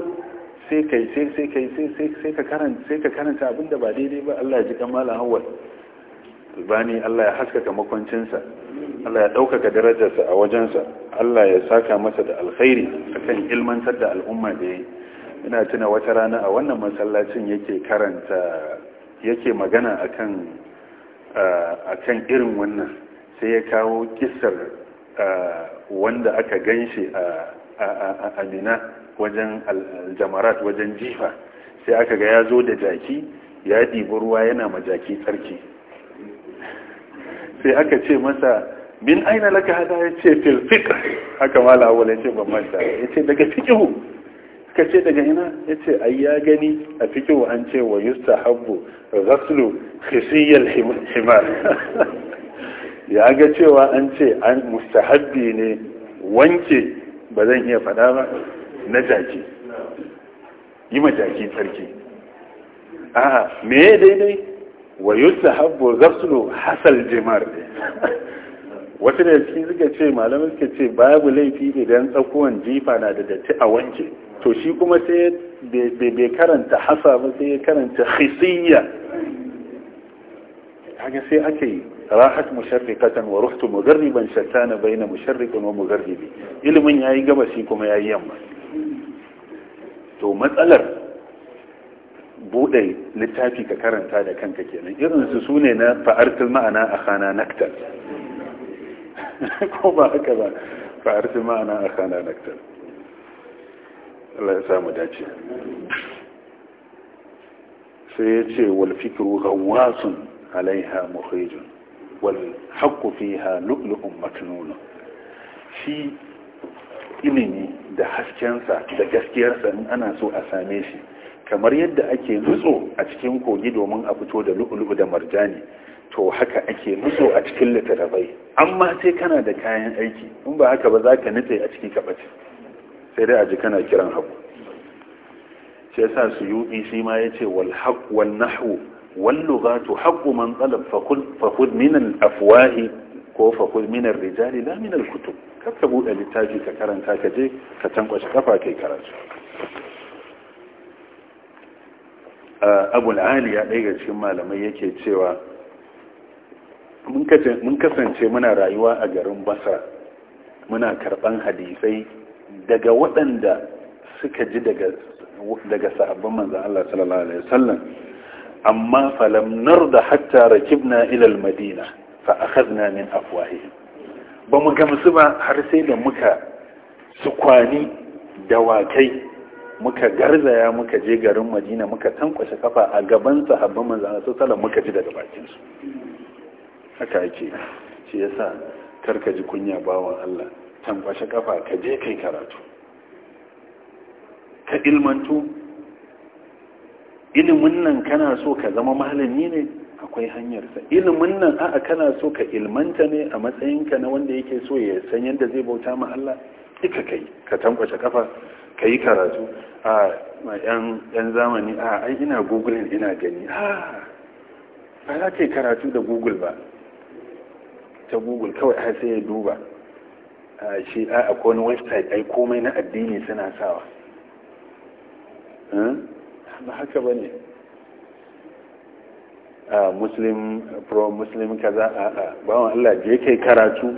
sai ka karanta abin da ba daidai ba Allah ji kamala hawwa albani Allah ya haskaka makwancinsa Allah ya ɗaukaka darajarsa a wajensa Allah ya saka masa da alkhairi a kan ilmantar da al'umma da ya ina tuna wata rana a wannan masallacin yake karanta yake magana a kan ah, irin wannan sai ya kawo ƙisar ah, wanda aka ganshi a amina wajen aljamarat wajen jifa sai aka ga ya zo da jaki ya ɗibi ruwa yana ma jaki tsarki sai aka ce masa bin aina laka hada ya ce fil fiqh haka mala awal ya ce ban manta ya ce daga fikihu ka ce daga ina ya ce ai ya gani a fikihu an ce wa yustahabbu ghaslu khisiyal himar ya ga cewa an ce an mustahabbi ne wanke ba zan iya faɗa ba na jaki yi ma jaki tsarki a me daidai wa yustahabbu ghaslu hasal jimar wasu da cikin suka ce malamin suka ce babu laifi idan tsakuwan jifa na da datti a wanke to shi kuma sai bai karanta hasa ba sai ya karanta khisiyya haka sai ake yi rahat musharriqatan wa ruhtu mugarriban shattana baina musharriqin wa mugarribi ilimin yayi gaba shi kuma yayi yamma to matsalar bude littafi ka karanta da kanka kenan irin su sune na fa'artul ma'ana akhana naktar ko ba haka ba fa'artul ma'ana akhana naktar Allah ya samu dace sai ya ce wal fikru ghawwasun alaiha mukhrijun wal haqqu fiha lu'lu'un maknun shi ilimi da haskensa da gaskiyarsa in ana so a same shi kamar yadda ake nutso a cikin kogi domin a fito da lu'ulu'u da marjani to haka ake nutso a cikin littattafai amma sai kana da kayan aiki in ba haka ba za ka nutse a ciki kabaci sai dai a ji kana kiran haku sai sa su yuɗi shi ma ya ce wal haq wal nahwu haqqu man talab fa khudh afwahi ko fa khudh min al rijali la min al kutub ka buɗe littafi ka karanta ka je ka tankwace kafa kai karatu abul aliya ɗaya ga cikin malamai yake cewa mun kasance muna rayuwa a garin basa muna karɓan hadisai daga waɗanda suka ji daga sahabban manzan Allah sallallahu alaihi wasallam amma falamnar da hatta rakibna na ilal madina fa akhadna min afwahihim ba mu gamsu ba har sai da muka sukwani dawakai muka garzaya muka je garin madina muka tankwashe kafa a gaban sahabban manzana su salam muka ji daga bakinsu haka yake shi yasa karka ji kunya bawan Allah tankwashe kafa ka je kai karatu ka ilmantu ilimin nan kana so ka zama malami ne akwai hanyarsa ilimin nan a'a kana so ka ilmanta ne a matsayinka na wanda yake so ya san yadda zai bauta ma Allah duka kai ka tankwashe kafa ka yi karatu a yan zamani a ai ina google ina gani ba za karatu da google ba ta google kawai har sai ya duba shi a akwai wani website ai komai na addini suna sawa hmm? ba haka ba ne a muslim pro muslim kaza a a bawan allah je kai karatu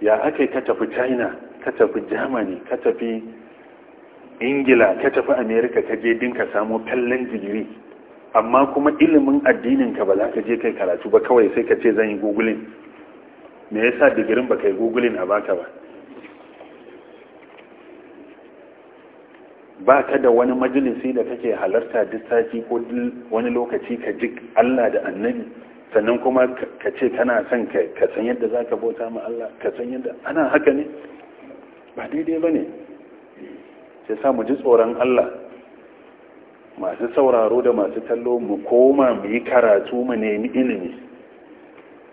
ya aka ka tafi china ka tafi germany ka tafi ingila ka tafi amerika ka je din ka samo kallon digiri amma kuma ilimin addinin ka ba za ka je kai karatu ba kawai sai ka ce zan yi gugulin me yasa digirin ba kai gugulin a baka ba ba ka da wani majalisi da kake halarta duk sati ko wani lokaci ka ji Allah da annabi sannan kuma ka ce kana son ka san yadda za ka bauta ma Allah ka san yadda ana haka ne ba daidai ba ne sai sa mu ji tsoron Allah masu sauraro da masu tallo mu koma mu yi karatu mu nemi ilimi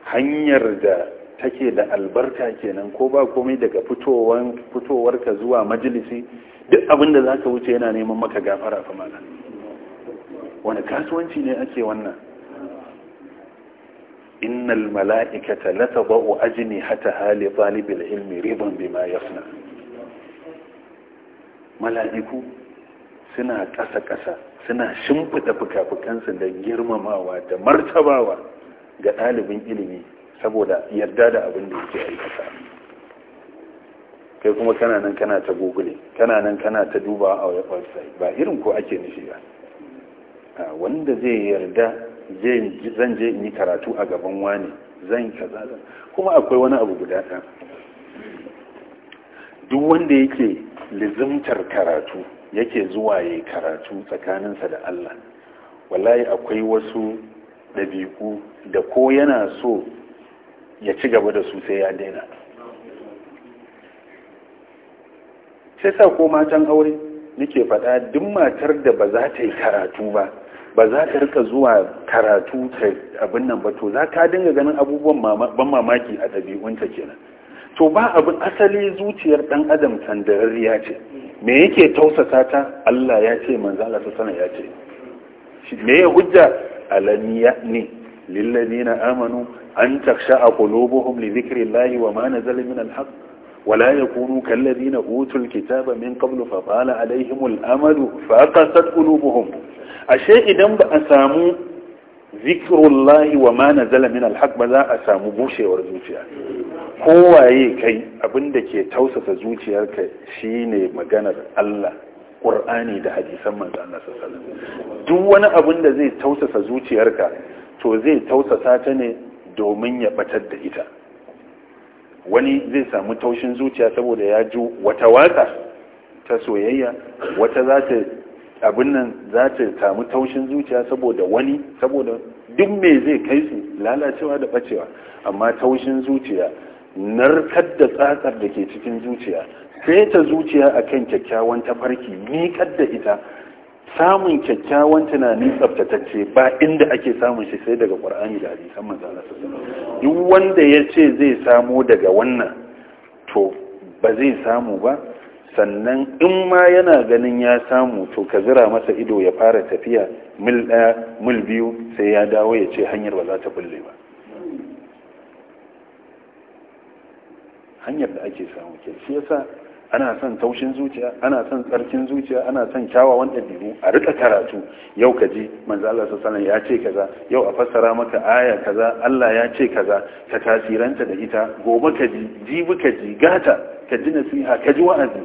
hanyar da take da albarka kenan ko ba komai daga fitowar fitowarka zuwa majalisi duk abin da zaka wuce yana neman maka gafara fa malam wani kasuwanci ne ake wannan innal mala'ikata la ajni hata li talibil ilmi ridan bima yasna mala'iku suna ƙasa-ƙasa suna shimfiɗa fuka-fukansu da girmamawa da martabawa ga ɗalibin ilimi saboda yarda da abin da yake aikata kai kuma kana nan kana ta google kana nan kana ta duba a website ba irin ko ake nishi ba wanda zai yarda zan je in yi karatu a gaban wani zan kaza kuma akwai wani abu guda ɗan duk wanda yake lizimtar karatu yake zuwa ya karatu tsakaninsa da Allah wallahi akwai wasu ɗabi'u da ko yana so ya ci gaba da su sai ya daina sai sa ko matan aure nake faɗa duk matar da ba za ta yi karatu ba ba za ta rika zuwa karatu ta abin nan ba to za ta dinga ganin abubuwan ban mamaki a ɗabi'unta kenan to ba abin asali zuciyar dan adam sandararriya ce me yake tausasa ta Allah ya ce manzo Allah sana ya ce me ya hujja alaniya ne lilladina amanu an taksha'a qulubuhum li dhikrillahi wa ma nazala min alhaq ولا Utul, كالذين Min, Qablu, من قبل فطال عليهم الأمد فقست قلوبهم ashe idan ba a samu Zikirullahi wa Mana zalamin min alhaq ba za a samu bushewar zuciya kowaye kai abinda ke tausasa zuciyarka shine maganar Allah Ƙur'ani da hadisan manzo Allah sallallahu alaihi wasallam duk wani abin da zai tausasa zuciyarka to zai tausasa ta ne domin ya batar da ita wani zai samu taushin zuciya saboda ya ji wata waka ta soyayya wata za ta abin nan za ta samu taushin zuciya saboda wani saboda duk me zai kai su lalacewa da bacewa amma taushin zuciya narkar da tsatsar da ke cikin zuciya sai ta zuciya kan kyakkyawan tafarki miƙar da ita samun kyakkyawan tunani tsaftatacce ba inda ake samun shi sai daga ƙwar'ani da hadisan manzala duk wanda ya ce zai samo daga wannan to ba zai samu ba sannan in ma yana ganin ya samu to ka zira masa ido ya fara tafiya mil ɗaya mil biyu sai ya dawo ya ce hanyar ba za ta bulle ba hanyar da ake samu ke shi yasa ana son taushin zuciya ana son tsarkin zuciya ana son kyawawan ɗabi'u a rika karatu yau ka ji manzo Allah sallallahu ya ce kaza yau a fassara maka aya kaza Allah ya ce kaza ka tasiranta da ita gobe ka ji jibi ka ji gata ka ji nasiha ka ji wa'azi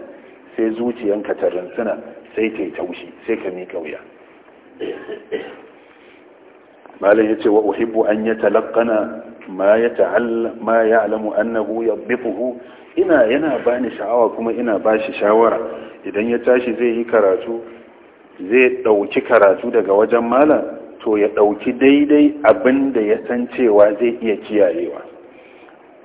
sai zuciyanka ta rintsuna sai ta yi taushi sai ka miƙa wuya malam ya ce wa uhibbu an ya talakkana ma ya alamu annahu ya bifuhu ina yana ba ni sha'awa kuma ina ba shi shawara idan ya tashi zai yi karatu zai ɗauki karatu daga wajen malam to ya ɗauki daidai abin da ya san cewa zai iya kiyayewa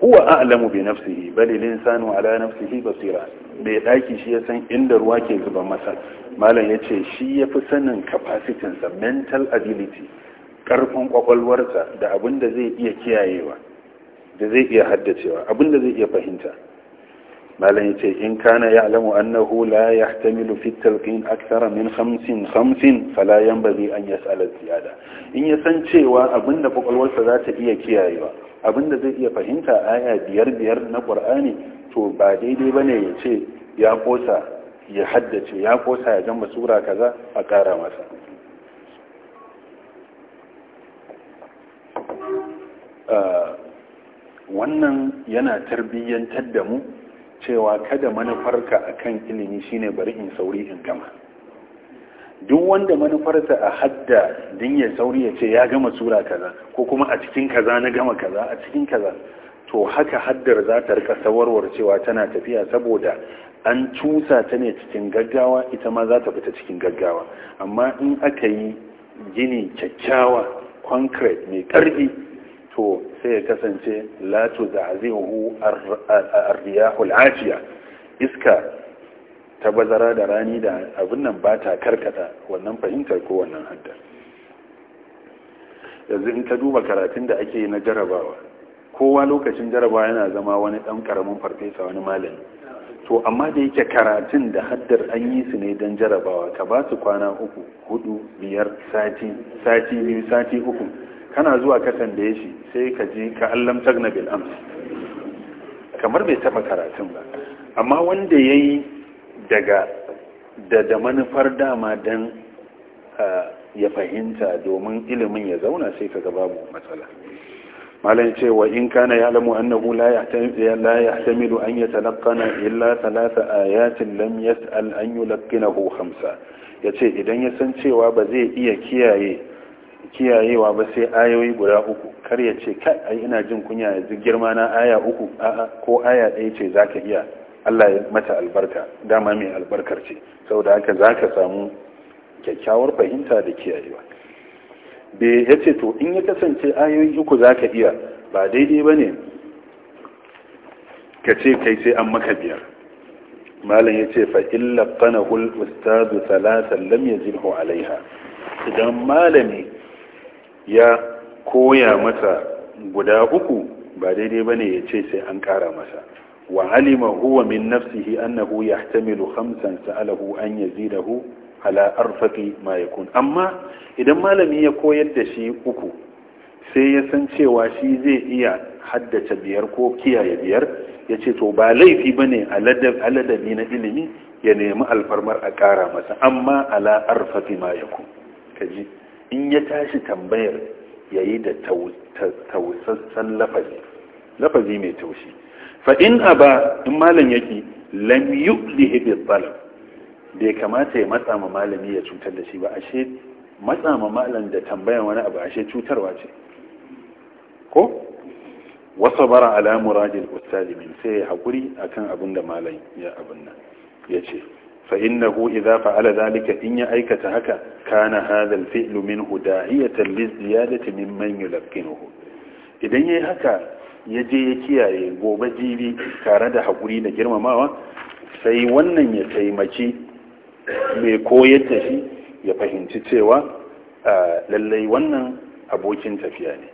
huwa a'lamu bi nafsihi bali linsanu ala nafsihi basira mai ɗaki shi ya san inda ruwa ke zuba masa malam ya ce shi ya fi sanin capacitynsa mental ability ƙarfin ƙwaƙwalwarsa da abin da zai iya kiyayewa da zai iya haddacewa abin da zai iya fahimta malam ce in kana ya'lamu annahu la yahtamilu fi talqin aksara min hamsin falayen ba zai an yas'ala ziyada in ya san cewa abinda kwakwalwarsa za ta iya kiyayewa abinda zai iya fahimta aya biyar biyar na ƙwar'ani to ba daidai ba ne ya ce ya kosa ya haddace ya kosa ya gama sura kaza a ƙara masa ah, wannan yana tarbiyyantar da mu cewa kada manufarka akan ilimi shine bari in sauri in gama duk wanda manufarsa a hadda din ya sauri ya ce ya gama sura kaza ko kuma a cikin kaza na gama kaza a cikin kaza to haka haddar za ta rika sawarwar cewa tana tafiya saboda an cusa ta ne cikin gaggawa ita ma za ta fita cikin gaggawa amma in aka yi gini kyakkyawa concrete mai karfi to sai ya kasance la tuza'zihu ar-riyahul afiya iska ta bazara da rani da abin nan ba ta karkata wannan fahimtar ko wannan haddar yanzu in ka duba karatun da ake na jarabawa kowa lokacin jarabawa yana zama wani dan karamin farfesa wani malami to amma da yake karatun da haddar an yi su ne don jarabawa ka ba su kwana uku hudu biyar sati sati biyu sati uku kana zuwa ka tambaye shi sai ka ji ka allam tagna bil ams kamar bai taba karatun ba amma wanda yayi daga da da manufar dama dan ya fahimta domin ilimin ya zauna sai ka ga babu matsala malan ce wa in kana ya'lamu annahu la yahtamilu la yahtamilu an yatalaqqana illa thalatha ayatin lam yas'al an yulaqqinahu khamsa yace idan ya san cewa ba zai iya kiyaye kiyayewa ba sai ayoyi guda uku kar ya ce kai ai ina jin kunya yanzu girma na aya uku a'a ko aya ɗaya ce zaka iya Allah ya mata albarka dama mai albarkar ce saboda haka zaka samu kyakkyawar fahimta da kiyayewa be ya ce to in ya kasance ayoyi uku zaka iya ba daidai ba ne ka ce kai sai an maka biyar malam ya ce fa illa qanahul ustadu salatan lam yazilhu alaiha idan malami ya koya masa guda uku ba daidai bane ya ce sai an kara masa wa alima huwa min nafsihi annahu yahtamilu khamsan sa'alahu an yazidahu ala arfaqi ma yakun amma idan malami ya koyar da shi uku sai ya san cewa shi zai iya haddace biyar ko kiyaye biyar ya ce to ba laifi bane aladabi na ilimi ya nemi alfarmar a kara masa amma ala arfaqi ma yakun kaji in ya tashi tambayar ya yi da tausassan lafazi lafazi mai taushi fa'in a ba in malam yaki lam yu'lihi bi talab bai kamata ya matsa ma malami ya cutar da shi ba ashe matsa ma malam da tambayan wani abu ashe cutarwa ce ko wasu bara ala rajin ustadi min sai ya haƙuri kan abin da malam ya abin nan ya ce فإنه إذا فعل ذلك إن يأيكت هكا كان هذا الفعل منه داعية للزيادة ممن haka ya je ya kiyaye gobe jibi tare da hakuri da girmamawa sai wannan ya taimaki mai koyar da shi ya fahimci cewa lallai wannan abokin tafiya ne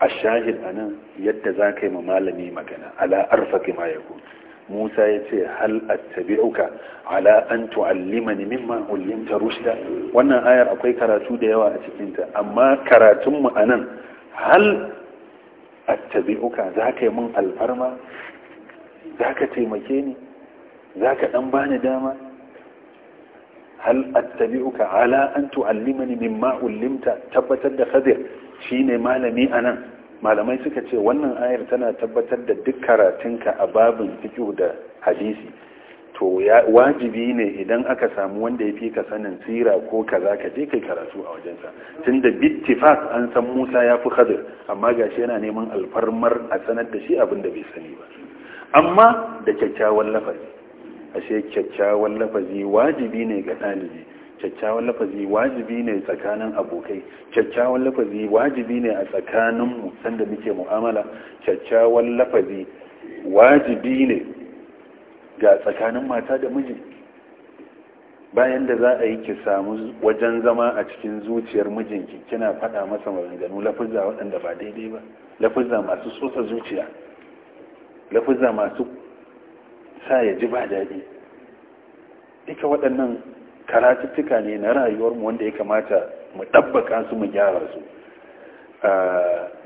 a shahid nan yadda za ka yi malami magana ala arfaki ma ya kuma Musa ya ce hal attabi'uka ala an tu'allimani mimma ullimta rushda wannan ayar akwai karatu da yawa a cikin ta amma karatun mu anan hal attabi'uka zaka yi min alfarma zaka taimake ni zaka dan bani dama hal attabi'uka ala an tu'allimani mimma ullimta tabbatar da khadir shine malami anan malamai suka ce wannan ayar tana tabbatar da duk karatunka a babin fiƙo da hadisi to wajibi ne idan aka samu wanda ya fi ka sanin tsira ko kaza ka je kai karatu a wajensa tun da bittifas an san musa ya fi hadir amma ga shi yana neman alfarmar a sanar da shi abin da bai sani ba amma da kyakkyawan lafazi ashe kyakkyawan lafazi wajibi ne ga ɗalibi kyakkyawan lafazi wajibi ne tsakanin abokai kyakkyawan lafazi wajibi ne a tsakaninmu sanda muke mu'amala kyakkyawan lafazi wajibi ne ga tsakanin mata da miji bayan da za a yi ki samu wajen zama a cikin zuciyar mijinki kina faɗa masa maganganu lafuzza waɗanda ba daidai ba lafuzza masu sosa zuciya lafuzza masu sa ya ji ba daɗi duka waɗannan karatuttuka ne na rayuwar mu wanda ya kamata mu ɗabbaka su mu gyara su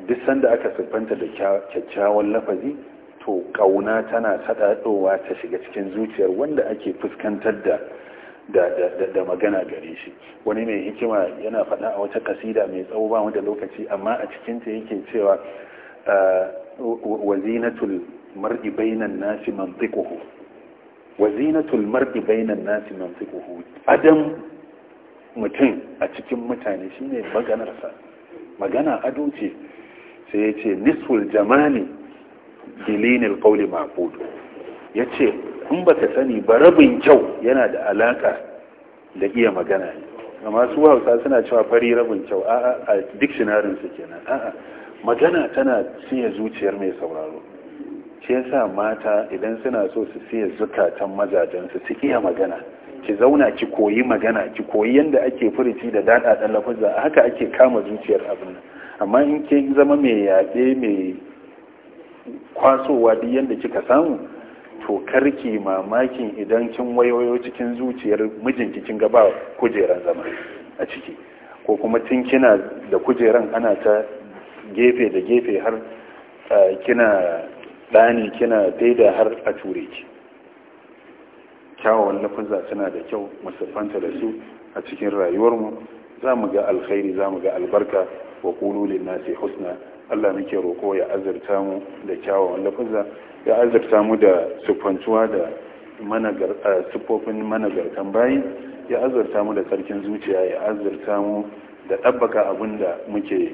duk sanda aka siffanta da kyakkyawan lafazi to ƙauna tana saɗaɗowa ta shiga cikin zuciyar wanda ake fuskantar da da magana gare shi wani mai hikima yana faɗa a wata kasida mai tsawo ba wanda lokaci amma a cikinta yake cewa wazinatul mar'i bainan nasi mantiquhu wazinatul mardi bainan nasi manfiquhu adam mutum a cikin mutane shine maganarsa magana ado ce sai ya ce nisful jamali bilinil qawli ma'qud yace in ba ka sani ba rabin kyau yana da alaka da iya magana ne amma su hausa suna cewa fari rabin kyau a a dictionary su kenan a'a magana tana cinye zuciyar mai sauraro shi yasa mata idan suna so su siya zukatan mazajensu su iya magana ki zauna ki koyi magana ki koyi yadda ake furici da dan lafuzza haka ake kama zuciyar abin amma in ke zama mai yaɗe mai kwasowa duk yadda kika samu to karki mamakin idan kin wayoyo cikin zuciyar mijinki kin gaba kujeran zama a ciki ko kuma tun kina da kujeran ana ta gefe da gefe har eh, kina ɗani kina daida har a ture ki kyawawan lafaza suna da kyau musaffanta da su a cikin rayuwarmu za mu ga alkhairi za mu ga albarka wa kululin nasi husna Allah muke roko ya azurta mu da kyawawan lafaza ya azurta mu da siffantuwa da siffofin managartan bayi ya azurta mu da sarkin zuciya ya azurta mu da ɗabbaka abin da muke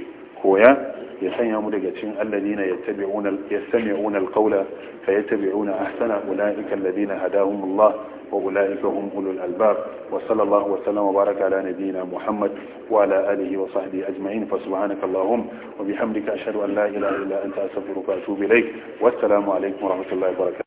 هو يسمع مدجتين الذين يتبعون يستمعون القول فيتبعون أحسن أولئك الذين هداهم الله وأولئك هم أولو الألباب وصلى الله وسلم وبارك على نبينا محمد وعلى آله وصحبه أجمعين فسبحانك اللهم وبحمدك أشهد أن لا إله إلا أنت أستغفرك وأتوب إليك والسلام عليكم ورحمة الله وبركاته